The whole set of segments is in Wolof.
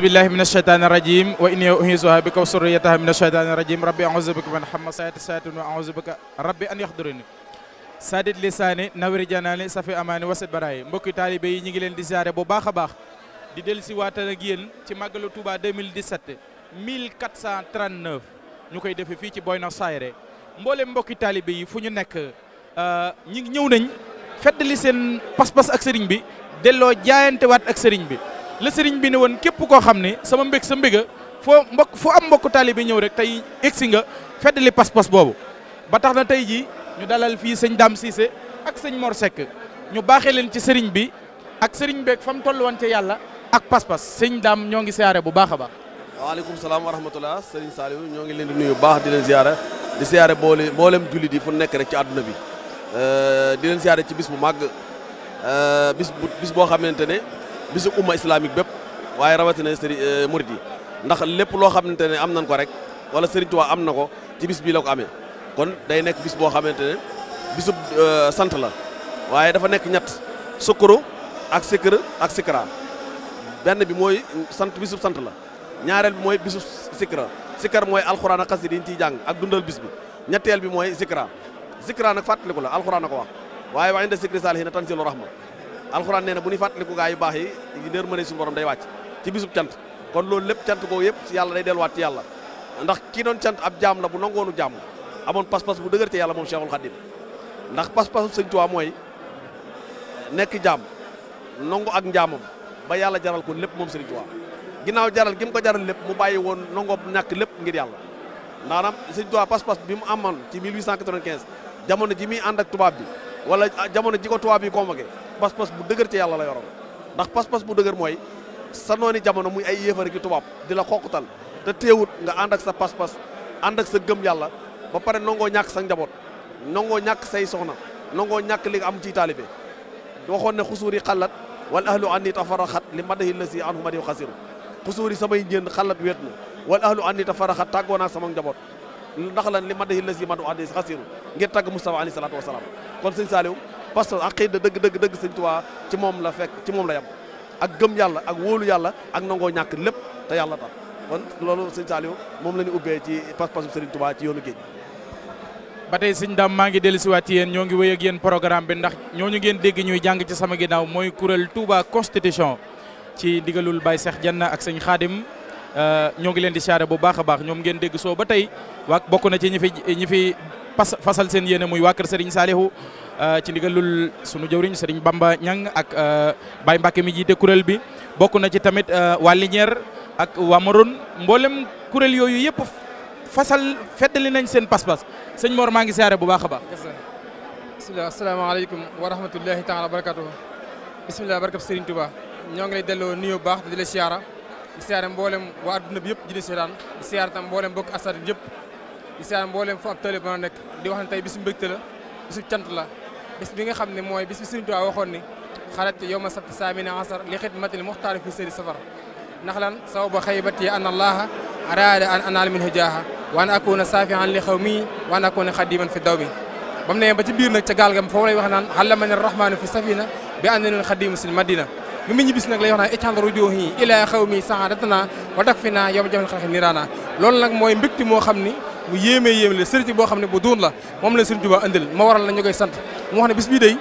أعوذ بالله من الشيطان الرجيم وإني أعيذها بك وذريتها من الشيطان الرجيم ربي أعوذ بك من همزات الشياطين وأعوذ بك ربي أن يحضرون sadit lisaani nawir janaani safi amaani wasit baraay mbokki taalibe yi ñu ngi leen di siyaare bu baax a baax di dellu si waatan ak yéen ci màggalu Touba 2017 1439 ñu koy defee fii ci Buenos Aires mboolem mbokki taalibe yi fu ñu nekk euh, ñi ñëw nañ feddali seen pas-pas ak sëriñ bi delloo jaayante waat ak sëriñ bi la sëriñ bi ne woon képp koo xam ne sama mbég sa mbéga foo mbokk foo am mbokk taalibe ñëw rek tey si nga feddali pas-pas boobu ba tax na tey jii ñu dalal fii sëñ Dame Cissé ak sëñ Mor Seck ñu baaxee leen ci sëriñ bi ak sëriñ beeg fa mu toll woon ca yàlla ak pas-pas sëñ Dame ñoo ngi siyaare bu baax a baax. waaleykum salaam wa rahmatulah sëriñ Saliou ñoo ngi leen di nuyu baax di leen siyaare di siyaare boole mboolem jullit yi fu nekk rek ci àdduna bi di leen siyaare ci bis bu màgg bis boo xamante ne. bisu umma islamique bépp waaye rawatina sëriñ euh, murit yi ndax lépp loo xamante ne am nañ ko rek wala sëriñ Tuubaa am na ko ci bis bii la ko amee kon day nekk bis boo xamante ne bisu euh, sant la waaye dafa nekk ñett sukkuru ak sikr ak sikra benn bi mooy sant bisu sant la ñaareel bi mooy bisu sikra sikar mooy alxuraan ak xasida yi ñu jàng ak dundal bis bi ñetteel bi mooy sikra sikra nag fàttaliku la alxuraan a ko wax waaye wa inda sikri saalihiina tanzilu rahma alxuraan nee na bu ñu fàttaliku gaa yu baax yi leer mëne suñu borom day wàcc ci bisub cant kon lool lépp cant koo yëpp si yàlla day delluwaat ci yàlla ndax kii doon cant ab jaam la bu nangoonu jaam amoon pas-pas bu dëgër ci yàlla moom Cheikhul Khadim ndax pas-pasu Sëñ Tuubaa mooy nekk jaam nangu ak njaamam ba yàlla jaral ko lépp moom Sëñ Tuubaa ginnaaw jaral gi mu ko jaral lépp mu bàyyi woon nangoo ñàkk lépp ngir yàlla maanaam Sëñ Tuubaa pas bi mu amoon ci 1895 jamono ji muy ànd ak tubaab bi wala jamono ji ko tubaab yi convoqué pas-pas bu dëgër ci yàlla la yoroon ndax pas-pas bu dëgër mooy sa nooni jamono muy ay yéefar ki tubaab di la tal te teewut nga ànd ak sa pas-pas ànd ak sa gëm yàlla ba pare nangoo ñàkk sa njaboot nangoo ñàkk say soxna nangoo ñàkk li nga am ci taalibe waxoon ne xusuuri xalat wal ahlu anni xat li madahi lasi anhu madi xasiru xusuuri samay njënd xalat wet na wal ahlu anni tafaraxat tàggoo naa sama njaboot ndax lan li madahi lasi madu adi xasiru ngir tàgg Mustafa alayhi salaatu wasalaam kon sëñ Saliou parce que aqida dëgg dëgg dëgg sëñ Tuubaa ci moom la fekk ci moom la yem ak gëm yàlla ak wóolu yàlla ak nangoo ñàkk lépp te yàlla tax kon loolu sëñ Saliou moom la ñu ubbee ci pas-pasu Sëriñ Tuubaa ci yoonu géej ba tey sëñ daam maa ngi dellusiwaat ci yéen ñoo ngi wéy ak programme bi ndax ñooñu ngeen dégg ñuy jàng ci sama ginnaaw mooy kuréel Touba Constitution ci digalul Baye Cheikh Janna ak sëñ Xaadim euh, ñoo ngi leen di siyaare bu baax a baax ñoom ngeen dégg soo ba tey pas fasal seen yéene muy waa kër Serigne Salihu euh, ci ndigalul sunu jëwriñ Serigne Bamba Ñang ak euh, Baye Mbacke mi jiite kuréel bi bokk na ci tamit euh, waa Linière ak waa Morone mboolem kuréel yooyu yëpp fasal feddali nañ seen pas-pas sëñ moor maa ngi siyaare bu baax a baax. bisimilah asalaamaaleykum wa rahmatulahi taala wa barakatuh bisimilah barkab Serigne Touba ñoo ngi lay delloo nuyoo baax di la siyaara di siyaare mboolem waa adduna bi yëpp di di seetaan di siyaare tam mboolem bokk asar yëpp. di siyaar mboolem fu ab taalib mën a nekk di wax ne tey bisu mbégte la bisu cant la bis bi nga xam ne mooy bis bi Sëriñ Tuubaa waxoon ni xarajtu yawma sabti saamina asar li xidmatil fi sëri safar ndax lan sababa xaybati an allaha araada an anaal minhu jaaha wa an akuna saafian li xaw mi wa an akuna xadiman fi daw mi ba mu ne ba ci biir nag ca gaal gam foofu lay wax naan allamani rahmaanu fi safina bi annanil xadimu sil madina mi mu ñibbis nag lay wax naan ican rujuhi ila mi saadatana bu yéemee yéeme le sëriñ boo xam ne bu duun la moom la sëriñ Tuubaa indil ma waral la ñu koy sant mu wax ne bis bii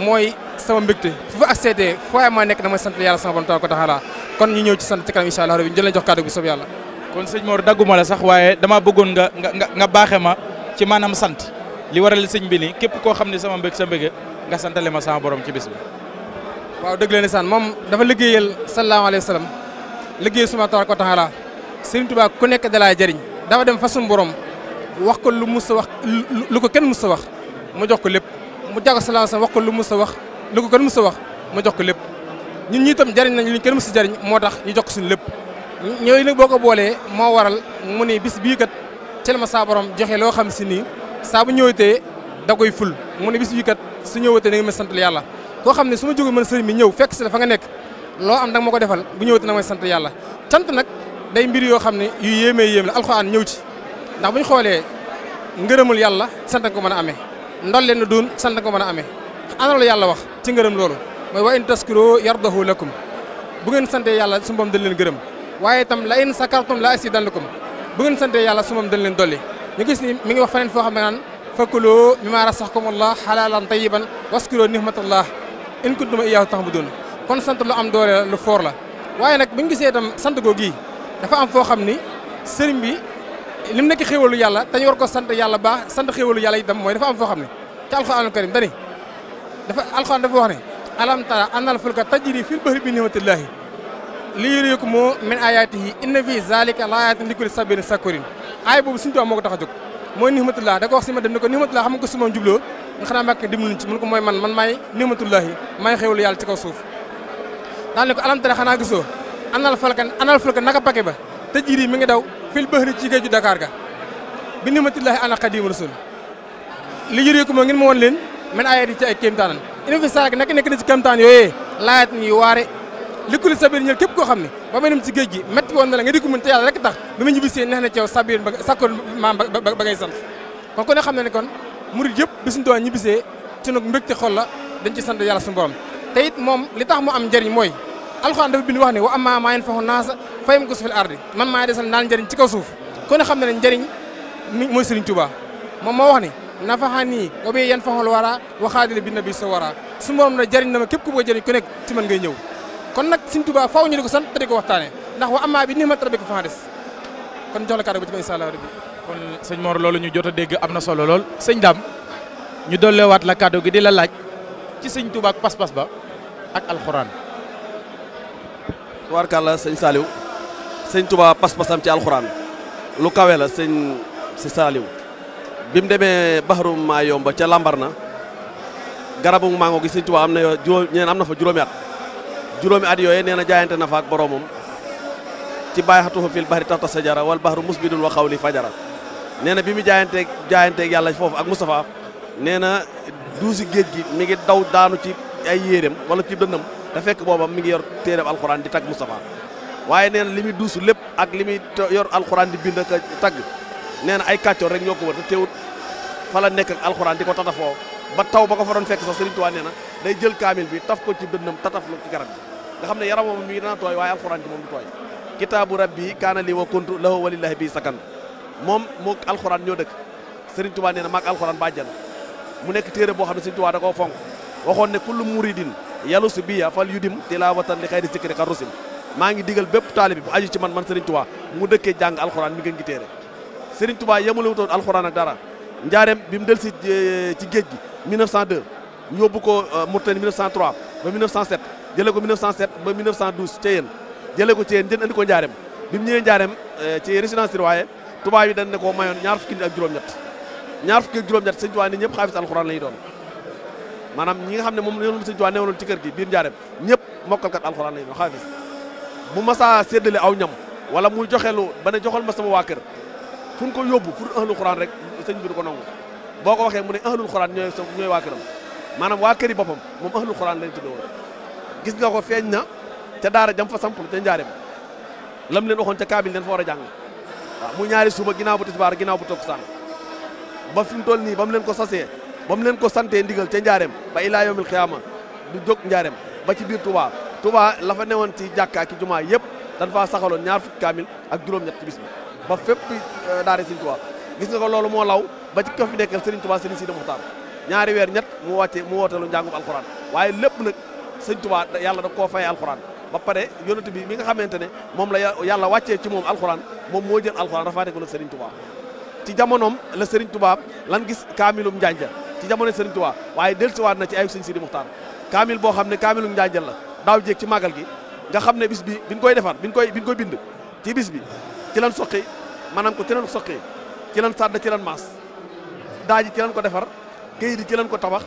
mooy sama mbégte fu fa ak seetee fooy moo nekk damay sant yàlla sama borom tabaaraka wa taala kon ñu ñëw ci sant ci kanam incha allah rabbi ñu jël jox kàddu bi soob yàlla kon sëñ Mor dagguma la sax waaye dama bëggoon nga nga nga baaxe ma ci maanaam sant li waral sëñ bi nii képp koo xam ne sama mbég sa mbége nga santale ma sama borom ci bis bi waaw dëgg la ni saan moom dafa liggéeyal sallallahu alayhi wa sallam liggéey suma tabaaraka wa taala sëriñ ku nekk da laa jëriñ dafa dem fa suñu borom wax ko lu mu sa wax lu ko kenn mus sa wax mu jox ko lépp mu jàkko sallallahu alayhi wax ko lu mus a wax lu ko kenn mus sa wax mu jox ko lépp ñun ñi jariñ nañu li ñu kenn mus a jariñ moo tax ñu jox ko lépp ñooyu nag boo ko boolee moo waral mu ne bis bii kat ci ma saa joxe loo xam si nii saa bu ñëwatee da koy ful mu ne bis bii kat su ñëwatee da nga ma sant yàlla koo xam ne su ma jógee mën sëriñ mi ñëw fekk si la fa nga nekk loo am da nga ma ko defal bu ñëwatee da nga may sant yàlla cant nag day mbir yoo xam ne yu yéemee yéem la alxuraan ñëw ci ndax bu ñu xoolee ngërëmul yàlla sant nga ko mën a amee ndolle na doon sant nga ko mën a amee ana la yàlla wax ci ngërëm loolu mooy wa in taskuro yardahu lakum bu ngeen santee yàlla su moom dañ leen gërëm waaye itam la in sakartum la asidannakum bu ngeen santee yàlla su moom dañ leen dolli ñu gis ni mi ngi wax feneen foo xam ne naan fakuloo mimmaa razaqakumullah halaalan tayyiban waskuroo nihmatallah in kuntum iyaahu ta'buduun kon sant lu am doole la lu foor la waaye nag bu ñu gisee itam sant gii dafa am foo xam ni sëriñ bi li nekk xéwalu yàlla te war ko sant yàlla baax sant xéwalu yàlla itam mooy dafa am foo xam ne ci alxuraanul karim dani dafa alxuraan dafa wax ne alam tara annal fulka tajri fil bahri bi li yuriikum min ayaatihi inna fi zaalika la ayaatin li kulli sabirin sakurin aay boobu suñu toog moo ko tax a jóg mooy nihmatullah da ko wax si ma dem ne ko nihmatullah xam nga ko suma jubloo nga xanaa màkk dimbaluñ ci mun ko mooy man man maay nihmatullahi maay xéwalu yàlla ci kaw suuf daal ne ko alam tara xanaa gisoo anal falka anal falka naka pake ba te jiri mi ngi daw fil bahri ci géeju Dakar ga bi nimatillahi ana xadim rasul li jëriku ma ngeen ma woon leen man ayat yi ci ay kéemtaanan université gi naka nekk na ci kéemtaan yooyu laajat ñuy waare likkuli sabir ñël képp koo xam ne ba may dem ci géej gi métti woon na la nga di te yàlla rek tax bi ma ñibbisee neex na ci yow sabir ba sakkoon maam ba ngay sant kon ku ne xam ne ne kon murid yëpp bi suñu doon ñibbisee ci nag mbégte xol la dañ ci sant yàlla suñu borom te it moom li tax mu am njëriñ mooy alxuraan dafa bind wax ne wa ma maa yanfa'u naasa fa yamkusu fil ardi man maa desal naal njëriñ ci kaw suuf kon xam na ne njëriñ mooy Serigne Touba moom ma wax ni nafaxani wa bi yanfa'ul wara wa xaadila bi nabi sa wara su moom na jariñ na ma képp ku bëgg a jëriñ ku nekk ci man ngay ñëw kon nag Serigne Touba faaw ñu di ko sant te ko waxtaane ndax wa amma bi ni'mat rabbika fa des kon jox la kàddu bu ci insha Allah rabbi kon sëñ jot a dégg am na solo lool sëñ Dame ñu dolleewaat la kàddu gi di la laaj ci sëñ Touba ak pas-pas ba ak alxuraan tubaarkàlla sëñ Saliou sëñ Touba pas-pasam ci alxuraan lu kawe la sëñ si Saliou bi mu demee Baxaru maa yomba ca lambar na garabu mango gi sëñ am na yoo ñeen am na fa juróomi at juróomi at yooyu nee na jaayante na fa ak boromam ci bàyyi sa fil baxri taxta sajara wal baxru musbidun wa xawli fajara nee na bi mu jaayanteeg jaayanteeg yàlla foofu ak Moustapha nee na duusi géej gi mi ngi daw daanu ci ay yéeréem wala ci dënnam te fekk booba mi ngi yor téereb alxuraan di tagg Moustapha waaye nee na li duusu lépp ak li muy yor alxuraan di bind ak tagg nee ay kàccoor rek ñoo ko wër te teewut nekk ak alxuraan di ko tatafoo ba taw ba ko fa doon fekk sax Sëriñ Tuubaa nee na day jël kaamil bi taf ko ci dënnam tataflu ci garab bi xam ne yaram moom mi ngi dana tooy waaye alxuraan ji moom du tooy kitaabu rabbi kaana li wa kuntu lahu walillahi sakan moom moo alxuraan ñoo dëkk Sëriñ Tuubaa nee na maag alxuraan bàjjan mu nekk téere boo xam ne Sëriñ Tuubaa da koo fonk yalu si biya fal yu dim tilawatan li xayri zikri xar rusil maa ngi digal bépp taalibi bu aju ci man man Serigne Touba mu dëkkee jàng alxuraan mi ngeen gi téere Serigne Touba dara njaareem bi mu eh, ci géej gi 1902 yóbbu ko eh, Mourtani 1903 ba 1907 jëlee ko 1907 ba 1912 Thièyène jëlee njaareem bi mu ñëwee njaareem eh, ci résidence surveillée tubaab yi dañ mayoon ñaar fukki ak juróom-ñett ñaar fukki ak juróom-ñett Serigne Touba ni ñëpp xaafis alxuraan la doon maanaam ñi nga xam ne moom ne sëñ Tuubaa neewaloon ci kër gi biir njaareem ñëpp mokkalkat alxuraan lañu doon xaafis bu masaa séddale aw ñam wala muy joxelu ba ne joxal ma sama waa kër fu ko yóbbu pour ahlul xuraan rek sëñ bi ko nangu boo ko waxee mu ne ahlul xuraan ñooy ñooy waa këram maanaam waa kër yi boppam moom ahlul xuraan lañ tuddee woon gis nga ko feeñ na ca daara jam fa samp ca njaareem lam leen waxoon ca kaabil leen fa a jàng mu ñaari suba ginnaaw bu tisbaar ginnaaw bu takkusaan ba fi mu toll nii ba mu ko sasee ba mu leen ko santee ndigal ca njaareem ba ilaa yawmil xiyaama du jóg njaareem ba ci biir Touba Touba la newoon ci jàkkaa ki jumaa yëpp dañ fa saxaloon ñaar fukki kaamil ak juróom-ñett ci bis bi ba fépp euh, daare Serigne Touba gis nga ko loolu moo law ba ci ko fi nekkal Serigne Touba Serigne Sidi Mokhtar ñaari weer ñett mu wàcce mu wootalu njàngum alxuraan waaye lépp nag Serigne Touba yàlla da koo fayee alxuraan ba pare yonent bi mi nga xamante ne moom la yàlla wàccee ci moom alxuraan moom moo jël alxuraan rafaate ko nag Serigne Touba ci jamonoom la Serigne Touba lan gis kaamilum Njaanja ci jamono Serigne Touba waaye dellusiwaat na ci ayu Serigne Sidi Muxtaar kaamil boo xam ne kaamilu njaajal la daaw jéeg ci màggal gi nga xam ne bis bi biñ koy defar biñ koy biñ koy bind ci bis bi ci lan soqi maanaam ko ci lan soqi ci lan sàdd ci lan maas daaji ci lan ko defar kayit di ci lan ko tabax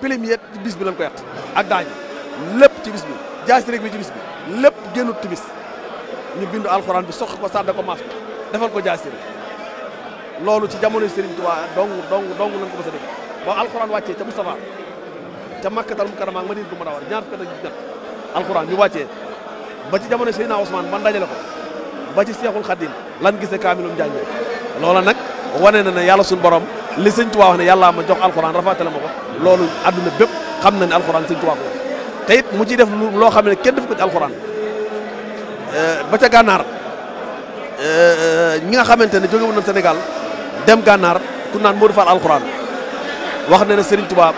pilim yet ci bis bi lan ko yàq ak daaji lépp ci bis bi jaasi rek bi ci bis bi lépp génnut ti bis ñu bind alxuraan bi soq ko sàdd ko maas defal ko jaasi loolu ci jamono sériñ Touba dong dong dong lañ ko mos a dégg ba alxuraan wàccee ca Moustapha ca Makkatal Mukarrama ak Madina Munawwara ñaar fukki at ak ñett alxuraan ñu wàccee ba ci jamono Seydina Ousmane ban dajale ko ba ci Seexul Xadim lan gisee kaamilum njàngee loola nag wane na ne yàlla suñu borom li Sëñ Touba wax ne yàllaa ma jox alxuraan rafatale ma ko loolu àdduna bépp xam na ne alxuraan Sëñ Touba ko te it mu ciy def loo xam ne kenn def ko ci eh, ca gànnaar eh, eh, ñi nga xamante ne jóge woon dem gànnaar ku naan Modou Fall alxuraan wax na ne Serigne Touba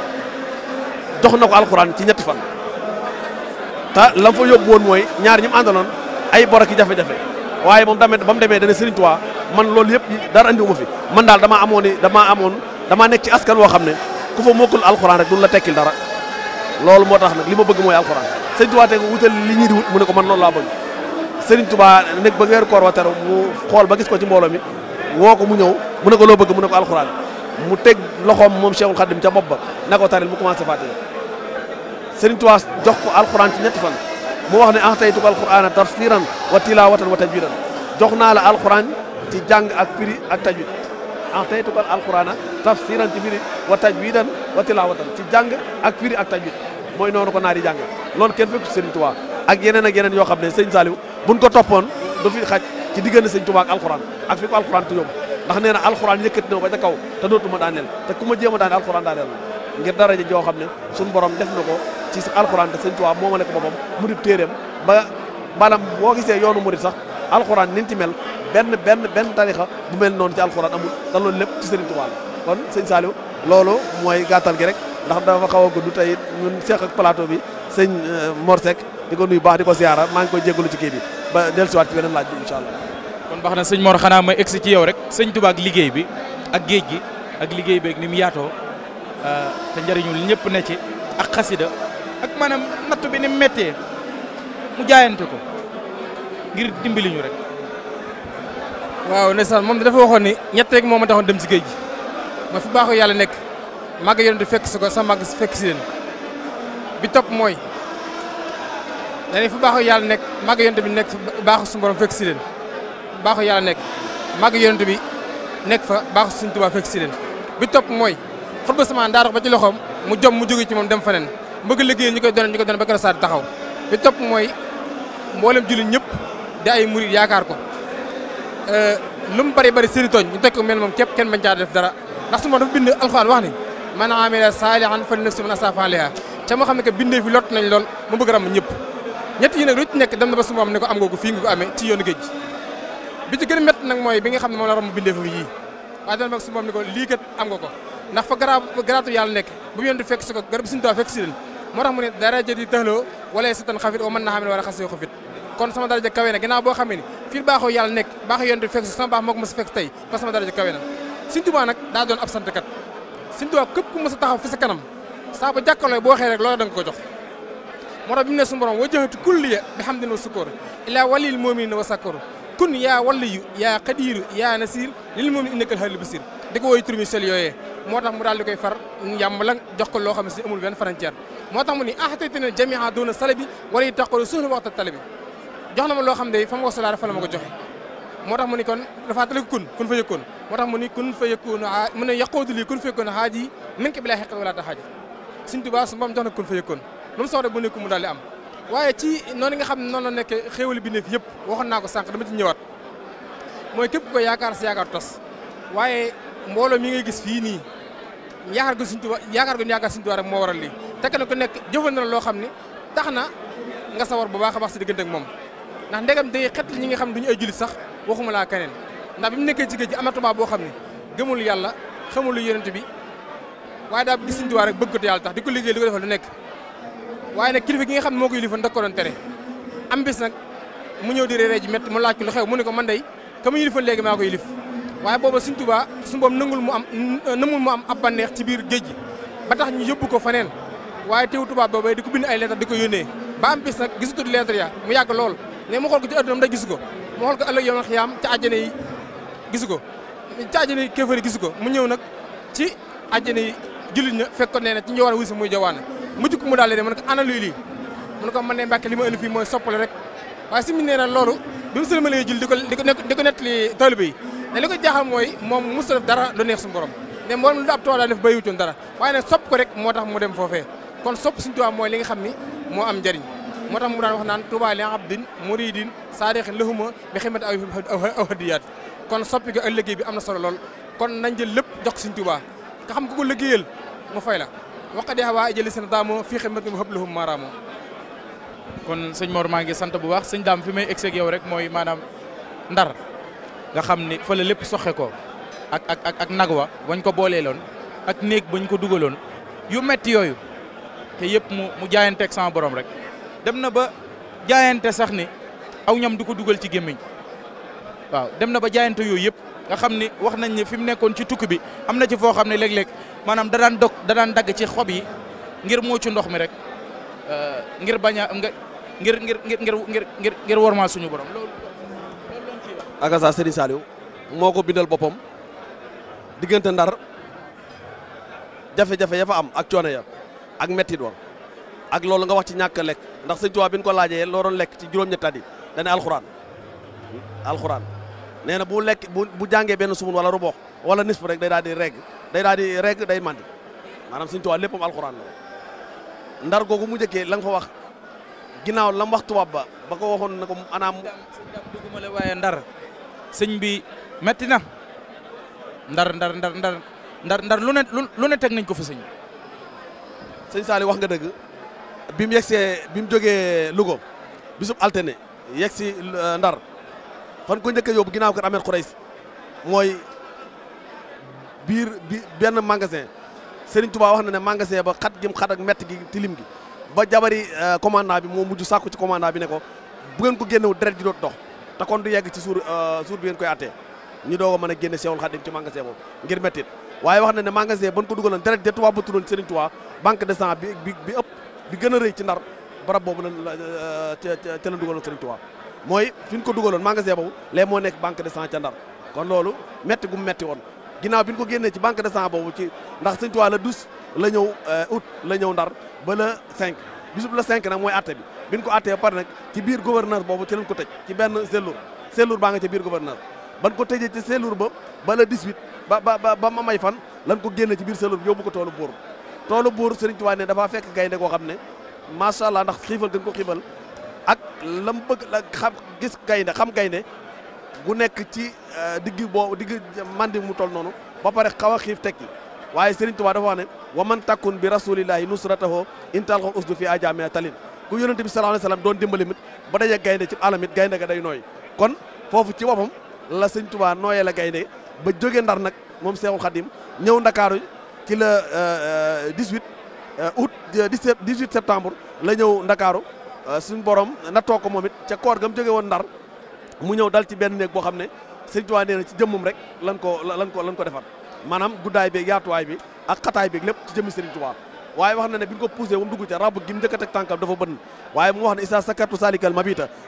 jox na ko alxuraan ci ñetti fan te la fa yóbbu woon mooy ñaar ñi mu àndaloon ay bor ki jafe-jafe waaye moom tamit ba mu demee dana Serigne Touba man loolu yëpp dara andiwu ma fi man daal dama amoon ni damaa amoon damaa nekk ci askan woo xam ne ku fa mokkul alxuraan rek duñ la tekkil dara loolu moo tax nag li ma bëgg mooy alxuraan Serigne Touba te wutal li ñuy di wut mu ne ko man loolu laa bëgg Serigne Touba nekk ba weeru koor wa teru xool ba gis ko ci mbooloo mi woo mu ñëw. mu ne ko loo bëgg mu ne ko alxuraan mu teg loxoom moom Cheikhul Khadim ca bopp ba na ko taril mu commencé fàttali Serigne Touba jox ko alxuraan ci ñetti fan mu wax ne ahtaytuka alxuraana tafsiran wa tilawatan wa tajwidan jox naa la alxuraan ci jàng ak firi ak tajwid ahtaytuka alxuraana tafsiran ci firi wa tajwidan wa tilawatan ci jàng ak firi ak tajwid mooy noonu ko naa di jàng loolu kenn fekk Serigne Touba ak yeneen ak yeneen yoo xam ne Serigne Saliou buñ ko toppoon du fi xaj ci diggante Serigne Touba ak alxuraan ak fi ko ndax nee na alxuraan yëkkati na ba ca kaw te dootuma daaneel te ku ma jéem a daaneel alxuraan daaneel ngir daraja joo xam ne suñu borom def na ko ci alxuraan te sëñ Tuubaa moomale ko boppam mu di téeréem ba balam boo gisee yoonu di sax alxuraan nin ci mel benn benn benn tarixa bu mel noonu ci alxuraan amul te loolu lépp ci sëriñ kon sëñ Saliou loolu mooy gàttal gi rek ndax dafa xaw a gudd tey ñun seex ak palaato bi sëñ euh, Mor Seck di ko nuyu baax di maa ngi koy jégalu ci kii bi ba dellusiwaat ci beneen laaj bi incha kon baax na sëñ Mor xanaa may egsi ci yow rek sëñ Tuubaa ak liggéey bi ak géej gi ak liggéey beeg ni mu yaatoo euh, te njëriñul ñëpp ne ci ak xasida ak maanaam natt bi ni mettee mu jaayante ko ngir dimbali ñu rek. waaw ndeysaan moom dafa waxoon ni ñett rek moo ma taxoon dem si géej gi ma fi baaxoo yàlla nekk màgg yonent fekk si sa màgg fekk si leen bi topp mooy dañuy fi baaxoo yàlla nekk màgg yonent bi nekk baaxu su fekk si leen. baaxu yàlla nekk mag yonent bi nekk fa baax Sëriñ Tuubaa fekk si leen bi topp mooy xutba samaan daa dox ba ci loxoom mu jom mu jóge ci moom dem feneen mbëgg liggéey ñi koy doon ñi koy doon ba kër saat taxaw bi topp mooy mboolem jullit ñëpp di ay murid yaakaar ko euh, lu mu bari bari seeni tooñ ñu teg ko mel moom képp kenn bañ caa def dara ndax su moom dafa bind alxuraan wax ni man amila saalihan fa li nafsi man asafa moo xam ne que bindee fi lott nañ lool ñëpp ñett yi nag lu nekk dem na ba su moom ne ko am nga ko fii nga ko bi ci gën a métti nag mooy bi nga xam ne moom la romb bindeefu yii waaye dana fekk su moom ni ko lii am nga ko ndax fa garaatu yàlla nekk bu mu yéen fekk si ko garab fekk si leen moo tax mu ne daraja di taxloo wala satan xafit o mën naa xam ne xafit kon sama daraja kawe na ginnaaw boo xamee ni fii baaxoo nekk baaxoo yéen di fekk sama baax moo ko mos a fekk tey parce sama daraja kawe na nag daa doon ab santkat Sëñ kun yaa walliyu yaa xadiiru yaa nasiir lil moom ni innakal xaali basir di ko woy tur moo tax mu daal di koy far yàmm la jox ko loo xam ne si amul benn frontière moo tax mu ni axtaytana jamia doona salabi wala yi taqalu suuf na waxta talabi jox na ma loo xam ne fa ma ko solaa dafa la ma ko joxe moo tax mu ni kon dafa tali kun kun fa yëkkoon moo tax mu ni kun fa yëkkoon mu ne yaqoodu lii kun fa yëkkoon xaaji min ko bilaa xeqat wala ta xaaji suñ tubaa su na kun fa yëkkoon am waaye ci noonu nga xam ne noonu la nekk xéwal bi nekk yëpp waxoon naa ko sànq dama ci ñëwaat mooy képp ko yaakaar sa yaakaar tas waaye mbooloo mi ngay gis fii nii yaakaar gu suñ tuba yaakaar gu ñu yaakaar suñ tuba rek moo waral lii tekk na ko nekk jëfal na loo xam ne tax na nga sawar bu baax a baax si diggante ak moom ndax ndegam day xet ñi ngi xam ne duñu ay sax waxuma laa keneen ndax bi mu nekkee ci géej gi boo xam ne gëmul yàlla xamul yonent bi waaye daal gis suñ tuba rek bëgg ko te yàlla tax di waaye nag kilifa ki nga xam ne moo ko yilifoon da ko doon tere am bis nag mu ñëw di reeree met métti mu laaj ko lu xew mu ne ko man day ka mu yilifoon léegi maa ko yilif waaye booba Sëriñ Tuubaa su mboom nangul mu am nangul mu am ab bànneex ci biir géej gi ba tax ñu yóbbu ko faneen waaye teewu tubaab booba di ko binn ay lettre di ko yónnee ba am bis nag gisutul lettre ya mu yàgg lool mais mu xool ko ci addunam da gisu ko mu xool ko ëllëg yoon xiyaam ca ko ca àjjana yi kéefari gisu ko mu ñëw nag ci àjjana yi jullit ña fekk ko nee na ci njowaan wuy si muy jowaana mujj ku mu daal di dem mu ne ko ana luy lii mu ne ko man de Mbàkke li ma indi fii mooy soppale rek waaye si mu nee na loolu bi mu sëlmalee jul di ko di ko di ko nettali taalibe yi ne li ko jaaxal mooy moom mos def dara lu neex suñu borom ne moom lu ab tool daal def béyutoon dara waaye nag sopp ko rek moo tax mu dem foofee kon sopp suñu Tuubaa mooy li nga xam ni moo am njariñ moo tax mu daan wax naan Tuubaa li abdin muridin saadixin lahuma bi ximati aw hadiyaat solo lool kon nañ jël lépp jox suñu Tuubaa xam ku ko liggéeyal mu fay la waqati hawa ajali seen taamu fii xidmati mu xëbluhum maaraamu kon sëñ Mor maa ngi sant bu baax sëñ daam fi may egg ak rek mooy maanaam ndar nga xam ni fële lépp soxe ko ak ak ak ak nag wa wañ ko booleeloon ak néeg bañ ko dugaloon yu metti yooyu te yëpp mu mu jaayanteeg sama borom rek dem na ba jaayante sax ni aw ñam du ko dugal ci gémmiñ waaw dem na ba jaayante yooyu yëpp. nga xam ni wax nañ ne fi mu nekkoon ci tukki bi am na ci foo xam ne léeg-léeg maanaam da daan dog da daan dagg ci xob yi ngir muucu ndox mi rek euh, ngir bañ a ngir ngir ngir ngir ngir ngir wormaal suñu borom loolu. Agassa Serigne Saliou moo ko bindal boppam diggante ndar jafe-jafe yafa am ak coono ya ak mettit wa ak loolu nga wax ci ñàkk lekk ndax sëñ Tuubaa bi ko laajee loo doon lekk ci juróom-ñetti at yi alxuraan hmm? alxuraan. nee na bu lekk bu bu jàngee benn sumun wala rubox wala nisf rek day daal di day daal di regg day mandi maanaam suñu tubaab léppam alxuraan la ndar googu mu njëkkee la nga fa wax ginnaaw lam wax tubaab ba ba ko waxoon na ko anaam duguma la waaye sëñ bi metti na ndar ndar ndar ndar ndar ndar lu ne teg nañ ko fa sëñ sëñ Saali wax nga dëgg bi mu yegsee bi mu jógee Louga bisub altene yegsi euh, ndar fan ko njëkk yoobu yóbbu ginnaaw kër Ahmed Khoureys mooy biir bi benn magasin Serigne Touba wax na ne magasin ba xat gim xat ak mett gi tilim gi ba jabari euh, commandant bi moo mujj sàkku ci commandant bi ne ko bu ngeen ko génnewul deret ji doot dox te kon du yegg ci suur suur euh, bi ngeen koy attee ñu doog man mën a génne Seexul Xadim ci magasin boobu ngir méttit waaye wax na ne magasin ban ko dugaloon deret de Touba ba tuddoon Serigne Touba banque de sang bi bi bi ëpp bi gën a rëy ci ndar barab boobu la euh, ca ca la dugaloon Serigne Touba mooy fi ñu ko dugaloon magasin boobu léegi moo nekk banque de sang ca ndar kon loolu metti gu mu woon ginnaaw bi ñu ko génnee ci banque de sang boobu ci ndax Sëñ Tuubaa la douze la ñëw euh, août la ñëw ndar ba la cinq bisub la cinq nag mooy atte bi bi ko attee pare nag ci biir gouverneur boobu ci lañ ko tëj ci benn cellule cellule baa nga ci biir gouverneur ban ko tëjee ci cellule ba ba la 18 ba ba ba ma may fan lan ko génne ci biir cellule bi yóbbu ko toolu buur toolu buur Sëriñ Tuubaa ne dafaa fekk gaynde koo xam ne macha allah ndax xiifal gën ko xiifal ak lam bëgg la xam gis gaynde xam gaynde gu nekk ci euh, digg boo digg mandi mu tol noonu ba pare xaw a xiif tekki waaye Serigne Touba dafa wax ne wa man takun bi rasulillahi nusratahu intalxol usdu fi ajamia talin ku yonente bi sallallahu alayhi wasallam doon dimbali mit ba daje gaynde ci alamit gaynde ga day nooy kon foofu ci boppam la Serigne Touba nooyee la gaynde ba jóge ndar nag moom Seexul Xadim ñëw ndakaaru ci la 18 euh, euh, août 17 18 septembre la ñëw ndakaaru Euh, suñu borom nattoo ko moom it ca koor ga mu jóge woon ndar mu ñëw dal ci benn néeg boo xam ne Sëriñ Tuubaa nee na ci jëmmum rek lan ko lan ko lan ko defar maanaam guddaay beeg yaatuwaay bi ak xataay beeg lépp waaye wax na ne bi ko poussé ba mu dugg ca rabb a teg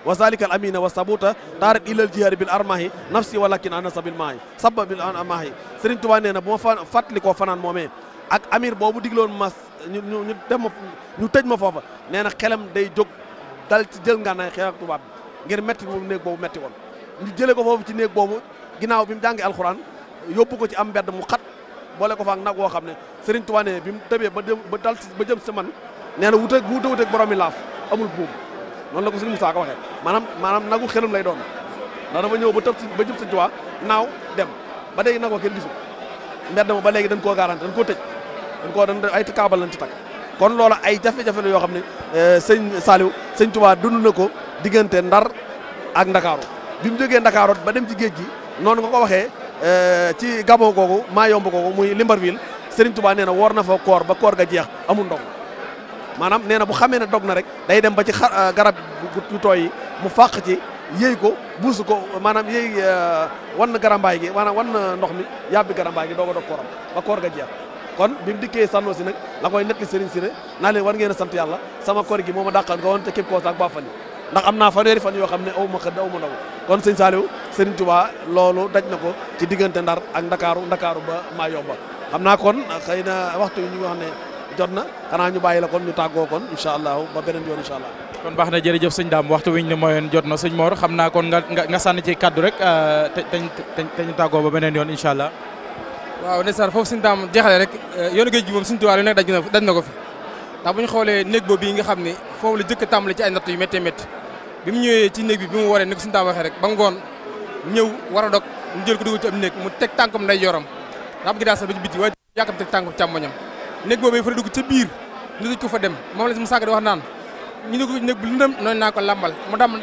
wa salikal amina wa sabuta taaret ilal jihaari bil armahi nafsi walakin ana sabil maahi sabba koo fanaan moomee ak amir boobu digloon ma ñu tëj ma foofa nee na xelam day jóg dal ci jël ngànnaay xeex ak tubaab bi ngir metti moom néeg boobu metti woon ñu jëlee ko foofu ci néeg boobu ginnaaw bi mu jàngi alxuraan yóbbu ko ci am mbedd mu xat boole ko faak nag woo xam ne Serigne Touba ne bi mu tëbee ba ba dal ba jëm si man nee na wuta wuta wuteeg borom mi laaf amul buum noonu la ko Serigne Moussa ko waxee maanaam maanaam nagu xelum lay doon ndax dafa ñëw ba tëb si ba jëm Serigne naaw dem ba léegi nag wa kenn gisul mbedd ma ba léegi dañ koo garanti dañ koo tëj dañ koo dañ ay kaabal lañ ci takk kon loolu ay jafe-jafe yoo xam ne Eh, sëñ Saliou sëñ Touba dund ko diggante Ndar ak Ndakaaru bi mu jógee ndakaaroot ba dem ci géej gi noonu nga ko waxee eh, ci Gabon googu maa yomb googu muy Libreville Serigne Touba nee na woor na fa koor ba koor ga jeex amul ndog maanaam nee na bu xamee ne dog na rek day dem ba ci eh, garab gu tooy mu fàq ci yéy ko buusu ko maanaam yéy wan na garambaay gi maanaam wan na ndox mi yàbbi garambaay gi doog dog kooram ba koor ga jeex kon bi mu dikkee sànnoo si nag la koy netti Serigne Siré naa leen war ngeen sant yàlla sama koor gi moo ma dàqan ko woon te képp koo saak ba fan ndax am naa fanweeri fan yoo xam ne aw ma xëdd aw ma ndaw kon sëñ Saliou Serigne Touba loolu daj na ko ci diggante ndar ak ndakaaru ndakaaru ba maa yobba xam naa kon xëy na waxtu yi ñu wax ne jot na xanaa ñu bàyyi la kon ñu tàggoo kon incha allah ba beneen yoon incha allah kon baax jërëjëf sëñ daam waxtu wiñ ne mooyoon jot na sëñ Mor xam naa kon nga nga sànni ci kaddu rek euh, te te te ñu tàggoo ba beneen yoon incha waaw ndeysaan foofu suñu daam jeexale rek euh, yoonu géej gi moom suñu tuwaar yu daj ko fi ndax bu ñu xoolee nga xam ne foofu la jëkk a tàmbali ci ay natt yu méttee métti bi mu ñëwee ci néeg mu waree ni ko suñu daam waxee ba ngoon ñëw war a dog mu jël ko dugg ci am ba ci biti waaye yàkkam teg tànkam càmmoñam néeg boobu fa la dugg ca biir ñu duj ko fa dem moom la mu ko néeg bu lëndëm ko làmbal mu dàmm